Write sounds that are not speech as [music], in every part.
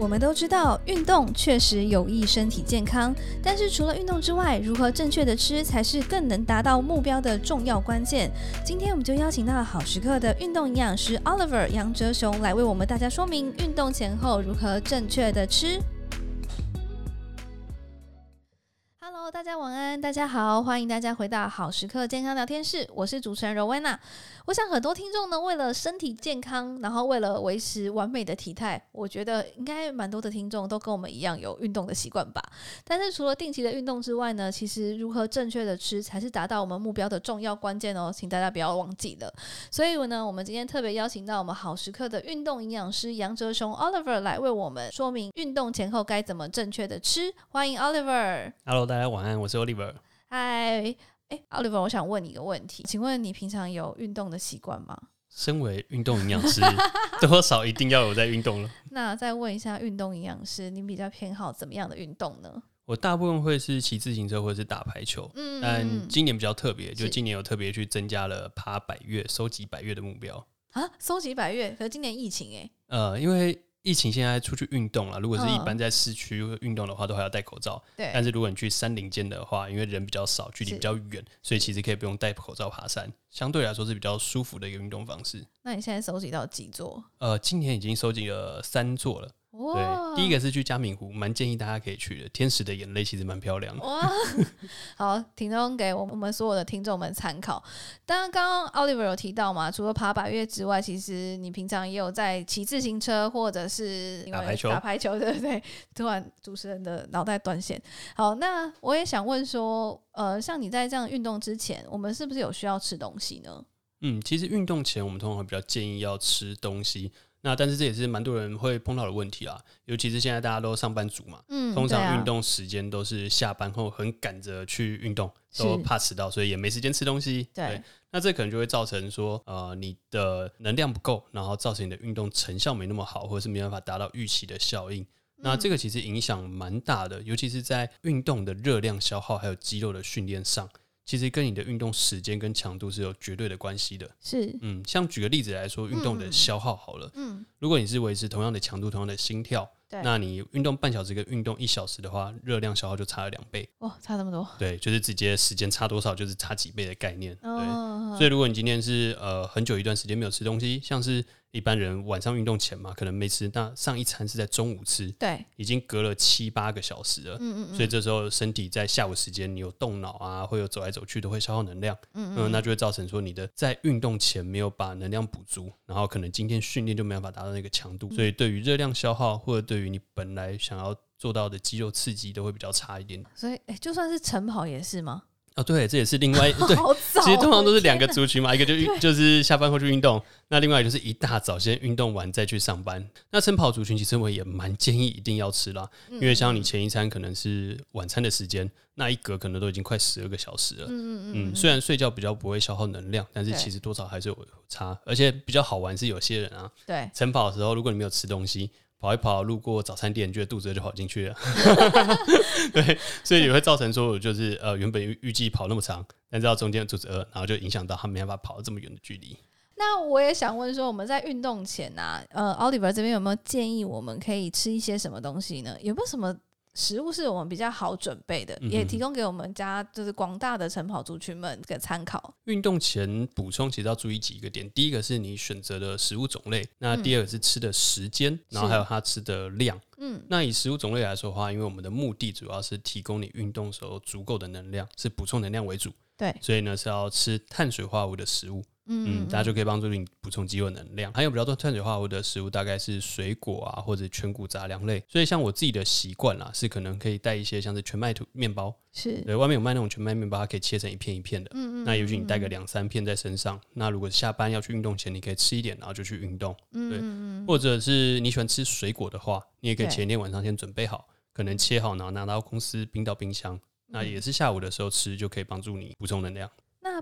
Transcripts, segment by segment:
我們都知道，運動確實有益身體健康，但是除了運動之外，如何正確的吃才是更能達到目標的重要關鍵。今天我們就邀請到好時刻的運動營養師 Oliver 楊哲雄來為我們大家說明運動前後如何正確的吃。大家好，歡迎大家回到好時刻健康聊天室，我是主持人柔薇娜。我想很多聽眾呢，為了身體健康，然後為了維持完美的體態，我覺得應該蠻多的聽眾都跟我們一樣有運動的習慣吧。但是除了定期的運動之外呢，其實如何正確的吃，才是達到我們目標的重要關鍵哦，請大家不要忘記了。所以呢，我們今天特別邀請到我們好時刻的運動營養師楊哲雄 Oliver 來為我們說明運動前後該怎麼正確的吃。歡迎 Oliver。Hello，大家晚安，我是 Oliver。嗨，哎，奧利弗，Oliver, 我想問你一個問題，請問你平常有運動的習慣嗎？身為運動營養師， [laughs] 多少一定要有在運動了。 [laughs] 那再問一下，運動營養師，你比較偏好怎麼樣的運動呢？我大部分會是騎自行車或者是打排球，嗯，但今年比較特別，是就今年有特別去增加了爬百岳、收集百岳的目標啊，收集百岳。可是今年疫情，欸，哎，呃，因為。疫情現在出去運動了，如果是一般在市區運動的話，嗯、都還要戴口罩。對，但是如果你去山林間的話，因為人比較少，距離比較遠，是所以其實可以不用戴口罩爬山，相對來說是比較舒服的一個運動方式。那你現在收集到幾座？呃，今年已經收集了三座了。哇對，第一個是去嘉明湖，蠻建議大家可以去的。天使的眼淚其實蠻漂亮的。哇，好，聽眾給我們我們所有的聽眾們參考。當然，剛剛 Oliver 有提到嘛，除了爬百岳之外，其實你平常也有在騎自行車或者是打排球，打排球對不對？突然主持人的腦袋斷線。好，那我也想問說，呃，像你在這樣運動之前，我們是不是有需要吃東西呢？嗯，其實運動前我們通常會比較建議要吃東西。那但是這也是蠻多人會碰到的問題啊，尤其是現在大家都上班族嘛，嗯、通常運動時間都是下班後，很趕着去運動，是都怕遲到，所以也沒時間吃東西。對，對，那這可能就會造成說，呃，你的能量不夠，然後造成你的運動成效沒那麼好，或者是沒辦法達到預期的效應。嗯、那這個其實影響蠻大的，尤其是在運動的熱量消耗還有肌肉的訓練上。其實跟你的運動時間跟強度是有絕對的關係的。是，嗯，像舉個例子來說，運動的消耗好了，嗯，嗯，如果你是維持同樣的強度、同樣的心跳，對，那你運動半小時跟運動一小時的話，熱量消耗就差了兩倍。哇，哦，差這麼多？對，就是直接時間差多少，就是差幾倍的概念。對哦，好好，所以如果你今天是呃很久一段時間沒有吃東西，像是。一般人晚上運動前嘛，可能沒吃，那上一餐是在中午吃，對，已經隔了七八個小時了，嗯嗯嗯，所以這時候身體在下午時間，你有動腦啊，會有走來走去，都會消耗能量，嗯嗯嗯，嗯，那就會造成說你的在運動前沒有把能量補足，然後可能今天訓練就沒辦法達到那個強度，嗯，所以對於熱量消耗或者對於你本來想要做到的肌肉刺激都會比較差一點。所以，誒，就算是晨跑也是嗎？啊、哦、對，這也是另外 [laughs] 早的 對，其實通常都是兩個族群嘛，哪一個就對就是下班後去運動，那另外就是一大早先運動完再去上班。那晨跑族群其實我也蠻建議一定要吃啦，嗯、因為像你前一餐可能是晚餐的時間，那一格可能都已經快十二個小時了。嗯，嗯，嗯，嗯雖然睡覺比較不會消耗能量，但是其實多少還是有差，對而且比較好玩是有些人啊，對晨跑的時候如果你沒有吃東西。跑一跑，路過早餐店，覺得肚子餓就跑進去了。 [laughs] [laughs] 對，所以也會造成說，就是呃，原本預預計跑那麼長，但知道中間肚子餓，然後就影響到他沒辦法跑這麼遠的距離。那我也想問說，我們在運動前吶、啊，呃，Oliver 這邊有沒有建議我們可以吃一些什麼東西呢？有沒有什麼？食物是我們比較好準備的，嗯嗯，也提供給我們家就是廣大的晨跑族群們一個參考。運動前補充其實要注意幾個點，第一個是你選擇的食物種類，那第二個是吃的時間，嗯、然後還有它吃的量。嗯，那以食物種類來說的話，因為我們的目的主要是提供你運動的時候足夠的能量，是補充能量為主。對，所以呢是要吃碳水化合物的食物。嗯，大家、嗯、就可以幫助你補充肌肉能量。還有比較多碳水化合物的食物，大概是水果啊，或者全穀雜糧類。所以像我自己的習慣啦，是可能可以帶一些像是全麥吐麵包，是對，外面有賣那種全麥麵包，它可以切成一片一片的。嗯，那也許你帶個兩三片在身上，嗯、那如果下班要去運動前，你可以吃一點，然後就去運動。嗯對，或者是你喜歡吃水果的話，你也可以前一天晚上先準備好，對可能切好，然後拿到公司冰到冰箱。嗯、那也是下午的時候吃，就可以幫助你補充能量。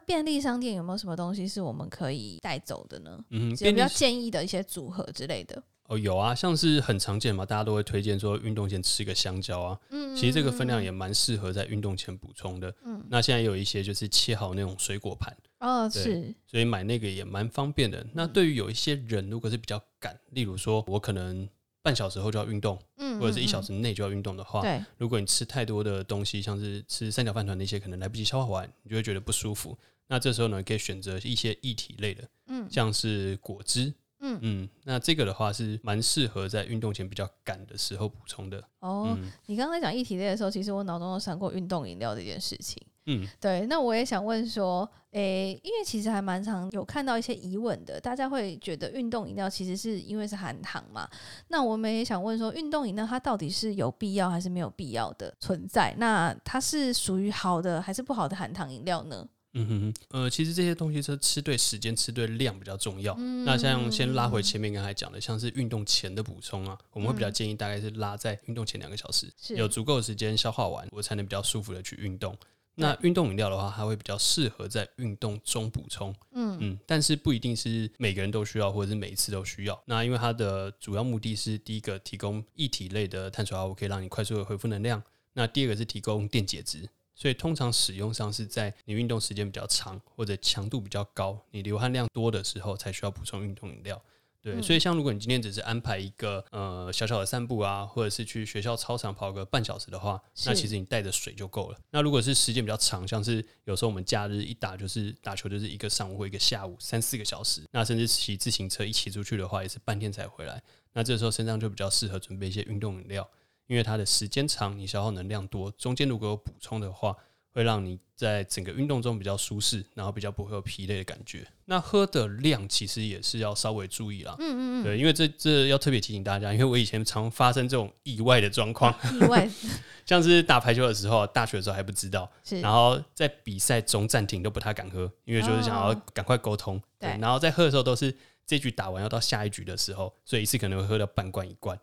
便利商店有沒有什麼東西是我們可以帶走的呢？嗯，有比較建議的一些組合之類的哦，有啊，像是很常見嘛，大家都會推薦說運動前吃一個香蕉啊。嗯，其實這個分量也蠻適合在運動前補充的。嗯，那現在有一些就是切好那種水果盤，嗯，對，哦，是，所以買那個也蠻方便的。那對於有一些人，如果是比較趕，例如說我可能。半小時後就要運動，嗯，嗯，嗯，或者是一小時內就要運動的話，對，如果你吃太多的東西，像是吃三角飯糰那些，可能來不及消化完，你就會覺得不舒服。那這時候呢，可以選擇一些液體類的，嗯、像是果汁，嗯嗯，那這個的話是蠻適合在運動前比較趕的時候補充的。哦，嗯、你剛剛講液體類的時候，其實我腦中有閃過運動飲料這件事情。嗯，對，那我也想問說，誒、欸，因為其實還蠻常有看到一些疑問的，大家會覺得運動飲料其實是因為是含糖嘛？那我們也想問說，運動飲料它到底是有必要還是沒有必要的存在？那它是屬於好的還是不好的含糖飲料呢？嗯哼哼，呃，其實這些東西是吃對時間、吃對量比較重要。嗯、那像先拉回前面剛才講的，像是運動前的補充啊，我們會比較建議大概是拉在運動前兩個小時，嗯、有足夠的時間消化完，我才能比較舒服的去運動。那運動飲料的話，它會比較適合在運動中補充，嗯嗯，但是不一定是每個人都需要，或者是每一次都需要。那因為它的主要目的是第一個提供液體類的碳水化合物，可以讓你快速的恢復能量；那第二個是提供電解質，所以通常使用上是在你運動時間比較長或者強度比較高，你流汗量多的時候才需要補充運動飲料。對，所以像如果你今天只是安排一個呃小小的散步啊，或者是去學校操場跑個半小時的話，是那其實你帶着水就夠了。那如果是時間比較長，像是有時候我們假日一打就是打球，就是一個上午或一個下午三四個小時，那甚至騎自行車一騎出去的話也是半天才回來，那這時候身上就比較適合準備一些運動飲料，因為它的時間長，你消耗能量多，中間如果有補充的話，會讓你在整個運動中比較舒適，然後比較不會有疲累的感覺。那喝的量其實也是要稍微注意啦。嗯嗯嗯。對，因為這這要特別提醒大家，因為我以前常發生這種意外的狀況。意外是。 [laughs] 像是打排球的時候，大學的時候還不知道。是然後在比賽中暫停都不太敢喝，因為就是想要趕快溝通。哦、對。然後在喝的時候都是這局打完要到下一局的時候，所以一次可能會喝到半罐一罐。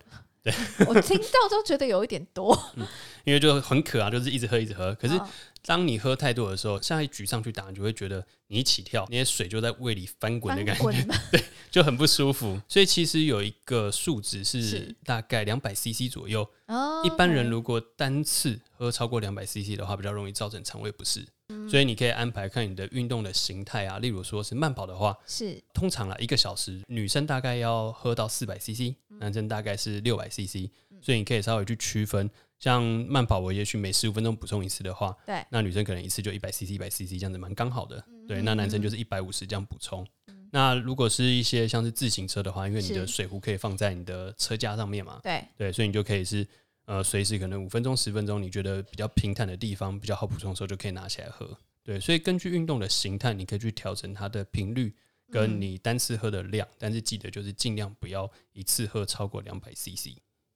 對 我聽到都覺得有一點多， [laughs] 嗯，因為就很渴啊，就是一直喝一直喝。可是當你喝太多的時候，下一舉上去打，你就會覺得你一起跳，那些水就在胃裡翻滾的感覺，翻滾對，就很不舒服。 [laughs] 所以其實有一個數值是大概兩百 CC 左右，是一般人如果單次喝超過兩百 CC 的話，比較容易造成腸胃不適。所以你可以安排看你的運動的形態啊，例如說是慢跑的話，是通常啦一個小時，女生大概要喝到四百 CC、嗯、男生大概是六百 CC、嗯。所以你可以稍微去區分，像慢跑，我也許每十五分鐘補充一次的話，對，那女生可能一次就一百 CC、一百 CC 這樣子蠻剛好的，嗯、對，那男生就是一百五十這樣補充。嗯、那如果是一些像是自行車的話，因為你的水壺可以放在你的車架上面嘛，是對，對，所以你就可以是。呃，隨時可能五分鐘、十分鐘，你覺得比較平坦的地方比較好補充的時候，就可以拿起來喝。對，所以根據運動的形態，你可以去調整它的頻率，跟你單次喝的量。嗯。但是記得就是盡量不要一次喝超過兩百 CC。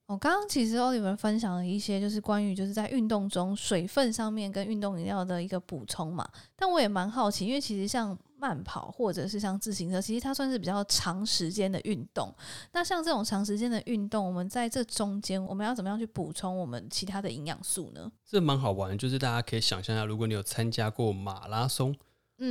我剛剛其實 Oliver 分享了一些，就是關於就是在運動中水分上面跟運動飲料的一個補充嘛。但我也蠻好奇，因為其實像。慢跑或者是像自行車，其實它算是比較長時間的運動。那像這種長時間的運動，我們在這中間，我們要怎麼樣去補充我們其他的營養素呢？這蠻好玩的，就是大家可以想象一下，如果你有參加過馬拉松。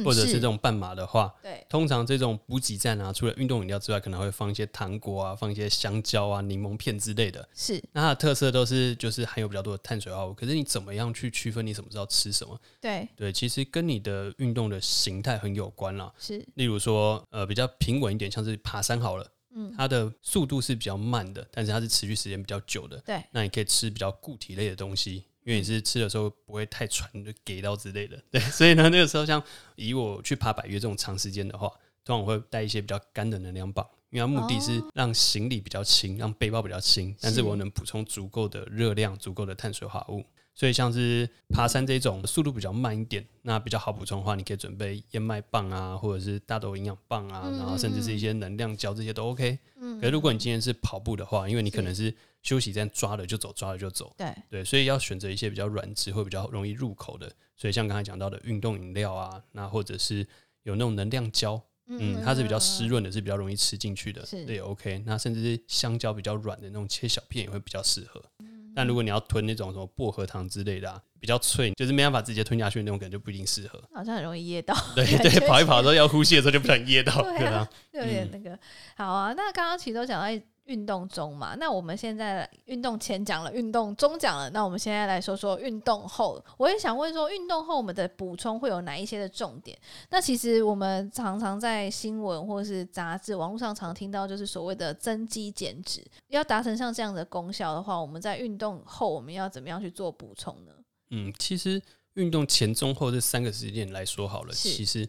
或者是這種半馬的話，嗯，通常這種補給站啊，除了運動飲料之外，可能會放一些糖果啊，放一些香蕉啊、檸檬片之類的。是，那它的特色都是就是含有比較多的碳水化合物。可是你怎麼樣去區分你什麼時候吃什麼？對，對，其實跟你的運動的形態很有關了。是，例如說，呃，比較平穩一點，像是爬山好了，嗯，它的速度是比較慢的，但是它是持續時間比較久的。對，那你可以吃比較固體類的東西。因為你是吃的時候不會太喘，就給到之類的，對，所以呢，那個時候像以我去爬百岳這種長時間的話，通常我會帶一些比較乾的能量棒，因為它目的是讓行李比較輕，讓背包比較輕，但是我能補充足夠的熱量、足夠的碳水化合物。所以像是爬山這種速度比較慢一點，那比較好補充的話，你可以準備燕麥棒啊，或者是大豆營養棒啊，然後甚至是一些能量膠，這些都 OK。嗯。可是如果你今天是跑步的話，因為你可能是。休息，這樣抓了就走，抓了就走對。對對，所以要選擇一些比較軟質，會比較容易入口的。所以像剛才講到的運動飲料啊，那或者是有那種能量膠，嗯，嗯，它是比較濕潤的，是比較容易吃進去的。是對，OK。那甚至是香蕉比較軟的那種切小片，也會比較適合。嗯，但如果你要吞那種什麼薄荷糖之類的，啊，比較脆，就是沒辦法直接吞下去那種，感覺不一定適合。好像很容易噎到。對對，跑一跑之後要呼吸的時候就不想噎到， [laughs] 對啊。能有點那個。嗯，好啊，那剛剛其實都講到運動中嘛，那我們現在運動前講了，運動中講了，那我們現在來說說運動後。我也想問說，運動後我們的補充會有哪一些的重點？那其實我們常常在新聞或是雜誌、網絡上常聽到，就是所謂的增肌減脂。要達成像這樣的功效的話，我們在運動後我們要怎麼樣去做補充呢？嗯，其實運動前、中、後這三個時間來說好了，是其實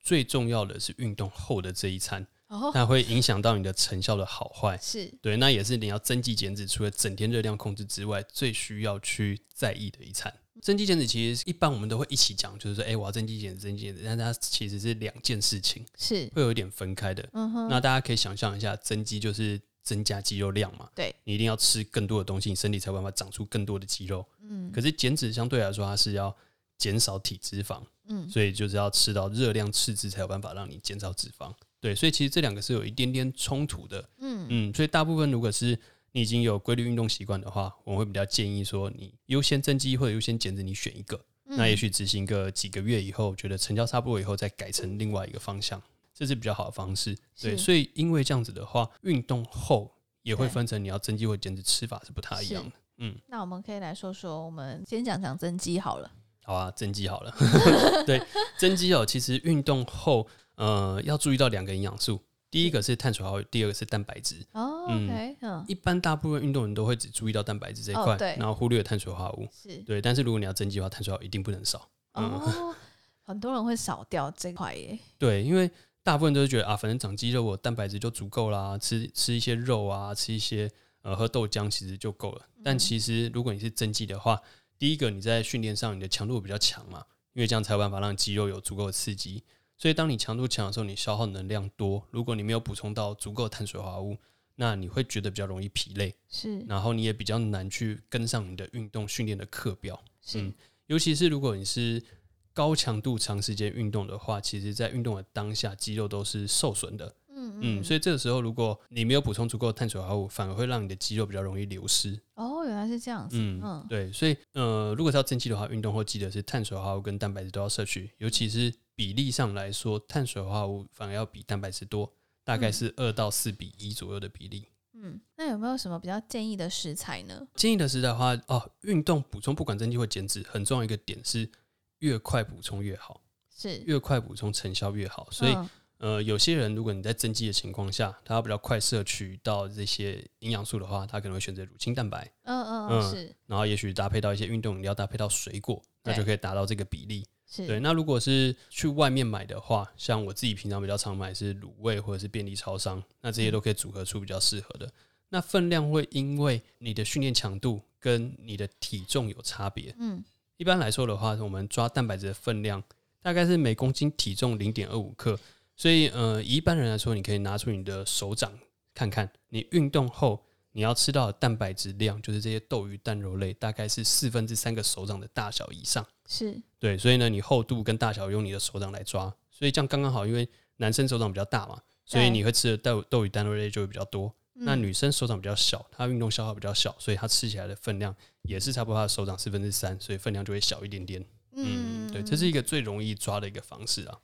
最重要的是運動後的這一餐。它、oh. 會影響到你的成效的好壞，是對。那也是你要增肌減脂，除了整天熱量控制之外，最需要去在意的一餐。增肌減脂其實一般我們都會一起講，就是說，哎、欸，我要增肌減脂，增肌減脂，但它其實是兩件事情，是會有一點分開的。嗯、uh huh、那大家可以想象一下，增肌就是增加肌肉量嘛，對，你一定要吃更多的東西，你身體才有辦法長出更多的肌肉。嗯。可是減脂相對來說，它是要減少體脂肪，嗯，所以就是要吃到熱量赤字才有辦法讓你減少脂肪。對，所以其實這兩個是有一點點衝突的。嗯嗯，所以大部分如果是你已經有規律運動習慣的話，我會比較建議說你優先增肌或者優先減脂，你選一個。嗯、那也許執行個幾個月以後，覺得成效差不多以後，再改成另外一個方向，這是比較好的方式。對，是所以因為這樣子的話，運動後也會分成你要增肌或減脂吃法是不太一樣的。是嗯，那我們可以來說說，我們先講講增肌好了。好啊，增肌好了。 [laughs] 對，增肌哦，其實運動後。呃，要注意到兩個營養素，第一個是碳水化合物，第二個是蛋白質。哦、嗯，哦、一般大部分運動員都會只注意到蛋白質這塊，哦、對，然後忽略碳水化合物。是對，但是如果你要增肌的話，碳水化物一定不能少。哦嗯、很多人會少掉這塊耶。對，因為大部分都是覺得啊，反正長肌肉我蛋白質就足夠啦，吃吃一些肉啊，吃一些呃，喝豆漿其實就夠了。但其實如果你是增肌的話，嗯、第一個你在訓練上你的強度比較強嘛，因為這樣才有辦法讓肌肉有足夠的刺激。所以，當你強度強的時候，你消耗能量多。如果你沒有補充到足夠碳水化合物，那你會覺得比較容易疲累。是，然後你也比較難去跟上你的運動訓練的課表。是、嗯，尤其是如果你是高強度長時間運動的話，其實在運動的當下，肌肉都是受損的。嗯嗯,嗯，所以這個時候，如果你沒有補充足夠的碳水化合物，反而會讓你的肌肉比較容易流失。哦，原來是這樣子。嗯嗯，對，所以呃，如果是要增肌的話，運動後記得是碳水化合物跟蛋白質都要攝取，尤其是。比例上來說，碳水化合物反而要比蛋白質多，大概是二到四比一左右的比例。嗯，那有沒有什麼比較建議的食材呢？建議的食材的話，哦，運動補充不管增肌或減脂，很重要一個點是越快補充越好，是越快補充成效越好。所以，嗯、呃，有些人如果你在增肌的情況下，他要比較快攝取到這些營養素的話，他可能會選擇乳清蛋白。嗯嗯嗯，嗯是。然後也許搭配到一些運動飲料，搭配到水果，那就可以達到這個比例。是對，那如果是去外面買的話，像我自己平常比較常買是滷味或者是便利超商，那這些都可以組合出比較適合的。嗯、那分量會因為你的訓練強度跟你的體重有差別。嗯，一般來說的話，我們抓蛋白質的分量大概是每公斤體重零點二五克，所以呃，一般人來說，你可以拿出你的手掌看看，你運動後。你要吃到的蛋白質量，就是這些豆魚蛋肉類，大概是四分之三個手掌的大小以上。是，對，所以呢，你厚度跟大小用你的手掌來抓，所以這樣剛剛好，因為男生手掌比較大嘛，所以你會吃的豆豆魚蛋肉類就會比較多。對那女生手掌比較小，她運動消耗比較小，所以她吃起來的分量也是差不多她的手掌四分之三，所以分量就會小一點點。嗯，嗯對，這是一個最容易抓的一個方式啊。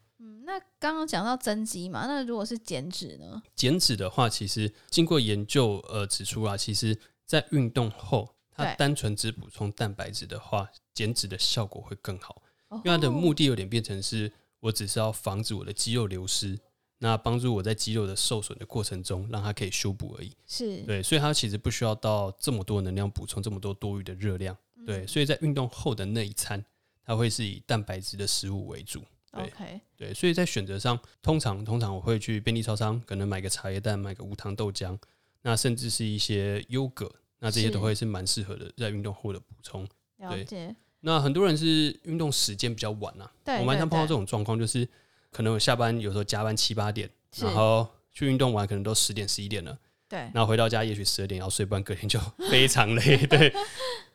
剛剛講到增肌嘛，那如果是減脂呢？減脂的話，其實經過研究，呃，指出啊，其實在運動後，對它單純只補充蛋白質的話，減脂的效果會更好，哦，因為它的目的有點變成是，哦，我只是要防止我的肌肉流失，那幫助我在肌肉的受損的過程中讓它可以修補而已。是，對，所以它其實不需要到這麼多能量，補充這麼多多餘的熱量。對，嗯，所以在運動後的那一餐，它會是以蛋白質的食物為主。對 Okay. 對，所以在選擇上，通常通常我會去便利超商，可能買個茶葉蛋，買個無糖豆漿，那甚至是一些優格，那這些都會是蠻適合的，在運動後的補充。是對。了解那很多人是運動時間比較晚啊，對對對，我蠻常碰到這種狀況，就是可能我下班有時候加班七八點，是然後去運動完可能都十點十一點了，對，然後回到家也許十二點要睡，不然隔天就非常累， [laughs] 對。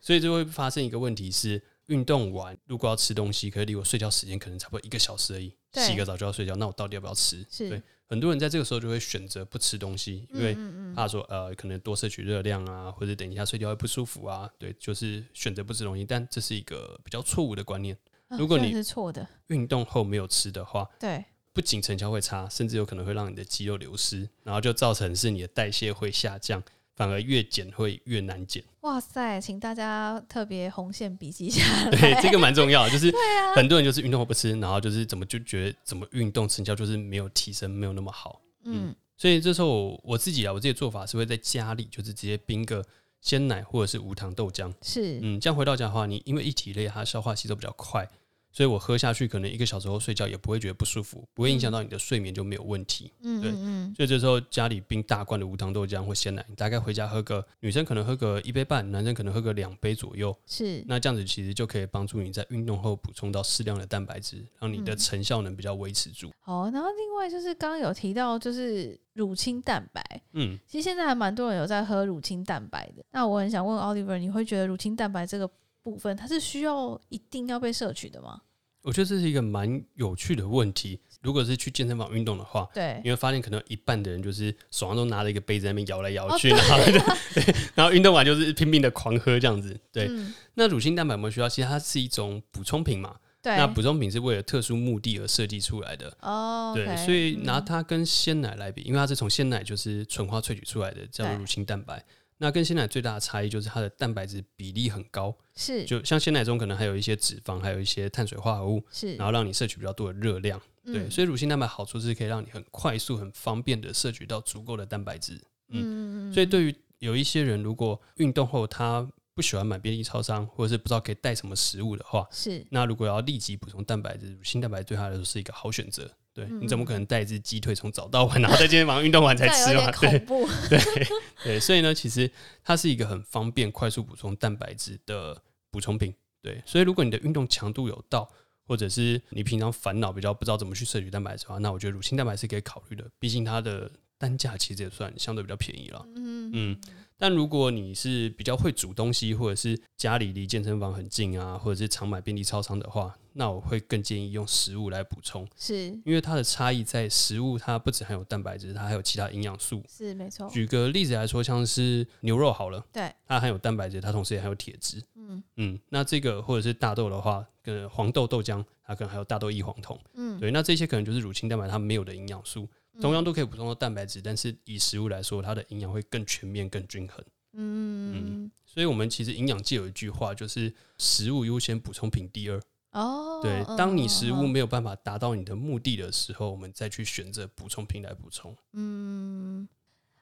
所以就會發生一個問題是。運動完如果要吃東西，可是離我睡覺時間可能差不多一個小時而已。對洗個澡就要睡覺，那我到底要不要吃？是對，很多人在這個時候就會選擇不吃東西，因為怕說呃可能多攝取熱量啊，或者等一下睡覺會不舒服啊。對，就是選擇不吃東西，但這是一個比較錯誤的觀念。啊、如果你運動後沒有吃的話，對，不僅成效會差，甚至有可能會讓你的肌肉流失，然後就造成是你的代謝會下降。反而越減會越難減。哇塞，請大家特別紅線筆記下來。對，這個蠻重要，就是很多人就是運動後不吃， [laughs] 對啊、然後就是怎麼就覺得怎麼運動成效就是沒有提升，沒有那麼好。嗯，嗯，所以這時候我，我自己啊，我自己的做法是會在家裡就是直接冰個鮮奶或者是無糖豆漿。是，嗯，這樣回到家的話，你因為液體類它消化吸收比較快。所以我喝下去，可能一個小時後睡覺也不會覺得不舒服，不會影響到你的睡眠就沒有問題。嗯，對，嗯。所以這時候家裡冰大罐的無糖豆漿或鮮奶，你大概回家喝個女生可能喝個一杯半，男生可能喝個兩杯左右。是。那這樣子其實就可以幫助你在運動後補充到適量的蛋白質，讓你的成效能比較維持住。嗯。好，然後另外就是剛剛有提到就是乳清蛋白，嗯，其實現在還蠻多人有在喝乳清蛋白的。那我很想問 Oliver，你會覺得乳清蛋白這個，部分它是需要一定要被攝取的嗎？我覺得這是一個蠻有趣的問題。如果是去健身房運動的話，對，你會發現可能一半的人就是手上都拿着一個杯子在那邊搖來搖去，哦啊、然後對，然後運動完就是拼命的狂喝這樣子。對，嗯、那乳清蛋白我們需要，其實它是一種補充品嘛。對，那補充品是為了特殊目的而設計出來的。哦，oh, okay, 對，所以拿它跟鮮奶來比，嗯、因為它是從鮮奶就是純化萃取出來的，叫做乳清蛋白。那跟鮮奶最大的差異就是它的蛋白質比例很高，是就像鮮奶中可能還有一些脂肪，還有一些碳水化合物，是然後讓你攝取比較多的熱量，嗯、對，所以乳清蛋白好處是可以讓你很快速、很方便的攝取到足夠的蛋白質，嗯，嗯所以對於有一些人如果運動後他不喜歡買便利超商，或者是不知道可以帶什麼食物的話，是那如果要立即補充蛋白質，乳清蛋白對他來說是一個好選擇。對，你怎麼可能帶一隻雞腿從早到晚啊，然後在今天晚上運動完才吃嘛 [laughs] 對，對，對，對，所以呢，其實它是一個很方便、快速補充蛋白質的補充品。對，所以如果你的運動強度有到，或者是你平常煩惱比較不知道怎麼去攝取蛋白質的話，那我覺得乳清蛋白是可以考慮的。畢竟它的單價其實也算相對比較便宜了。嗯。嗯但如果你是比較會煮東西，或者是家裡離健身房很近啊，或者是常買便利超商的話，那我會更建議用食物來補充，是，因為它的差異在食物，它不只含有蛋白質，它還有其他營養素。是，沒錯。舉個例子來說，像是牛肉好了，對，它含有蛋白質，它同時也含有鐵質。嗯嗯，那這個或者是大豆的話，跟黃豆豆漿，它可能還有大豆異黃酮。嗯，對，那這些可能就是乳清蛋白它沒有的營養素。同樣都可以補充到蛋白質，嗯、但是以食物來說，它的營養會更全面、更均衡。嗯嗯，所以我們其實營養界有一句話，就是食物優先，補充品第二。哦，對，哦、當你食物沒有辦法達到你的目的的時候，哦、我們再去選擇補充品來補充。嗯。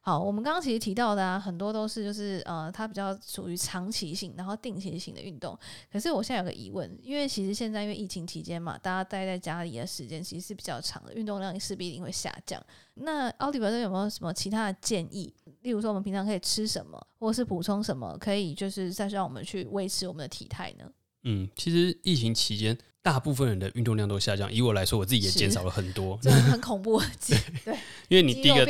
好，我們剛剛其實提到的啊，很多都是就是呃，它比較屬於長期性，然後定期性的運動。可是我現在有個疑問，因為其實現在因為疫情期間嘛，大家待在家裡的時間其實是比較長的，運動量勢必一定會下降。那奧利弗，這有沒有什麼其他的建議？例如說，我們平常可以吃什麼，或是補充什麼，可以就是再讓我們去維持我們的體態呢？嗯，其實疫情期間大部分人的運動量都下降。以我來說，我自己也減少了很多，真的，就是，很恐怖。 [laughs] 對，對，因為你第一個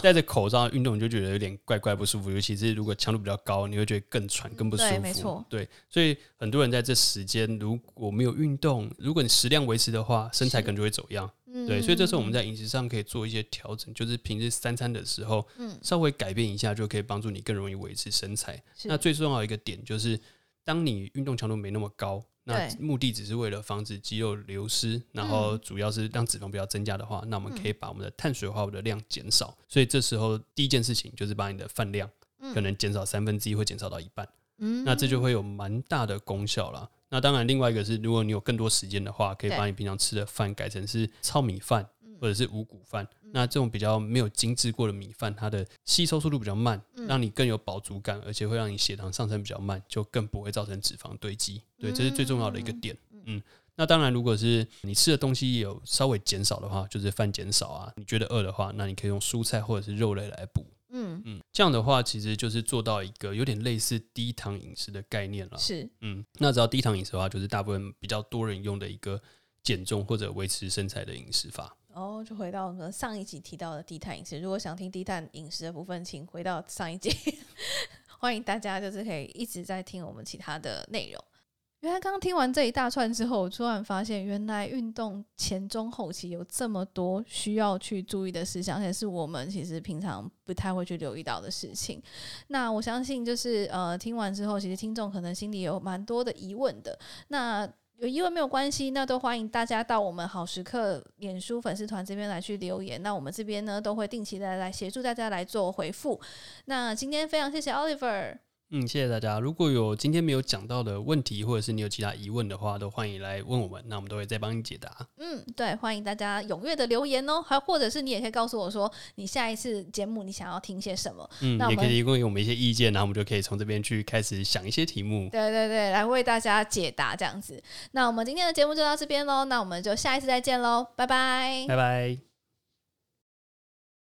戴着口罩運動就覺得有點怪怪，不舒服，尤其是如果強度比較高，你會覺得更喘、更不舒服。對，沒錯。對，所以很多人在這時間，如果沒有運動，如果你食量維持的話，身材可能就會走樣。是對，所以這時候我們在飲食上可以做一些調整，就是平日三餐的時候，嗯，稍微改變一下就可以幫助你更容易維持身材。是那最重要的一個點就是。當你運動強度沒那麼高，那目的只是為了防止肌肉流失，對然後主要是讓脂肪不要增加的話，嗯、那我們可以把我們的碳水化合物的量減少。嗯、所以這時候第一件事情就是把你的飯量可能減少三分之一，會減少到一半。嗯，那這就會有蠻大的功效啦。嗯、那當然，另外一個是，如果你有更多時間的話，可以把你平常吃的飯改成是糙米飯或者是五穀飯，嗯、那這種比較沒有精製過的米飯，它的吸收速度比較慢，嗯、讓你更有飽足感，而且會讓你血糖上升比較慢，就更不會造成脂肪堆積。對，嗯、對，這是最重要的一個點。嗯，嗯，嗯，那當然，如果是你吃的東西有稍微減少的話，就是飯減少啊。你覺得餓的話，那你可以用蔬菜或者是肉類來補。嗯嗯，這樣的話其實就是做到一個有點類似低糖飲食的概念了。是。嗯，那只要低糖飲食的話，就是大部分比較多人用的一個減重或者維持身材的飲食法。後、哦、就回到我們上一集提到的低碳飲食。如果想聽低碳飲食的部分，請回到上一集。 [laughs] 歡迎大家，就是可以一直在聽我們其他的內容。原來剛聽完這一大串之後，我突然發現，原來運動前、中、後期有這麼多需要去注意的事項，而且是我們其實平常不太會去留意到的事情。那我相信，就是呃，聽完之後，其實聽眾可能心裡有蠻多的疑問的。那有疑問沒有關係，那都歡迎大家到我們好時刻臉書粉絲團這邊來去留言，那我們這邊呢都會定期的來，來協助大家來做回復。那今天非常謝謝 Oliver。嗯，謝謝大家。如果有今天沒有講到的問題，或者是你有其他疑問的話，都歡迎來問我們，那我們都會再幫你解答。嗯，對，歡迎大家踴躍的留言哦，還有或者是你也可以告訴我說，你下一次節目你想要聽些什麼，嗯，也可以提供給我們一些意見，然後我們就可以從這邊去開始想一些題目。對對對，來為大家解答這樣子。那我們今天的節目就到這邊嘍，那我們就下一次再見嘍，拜拜，拜拜。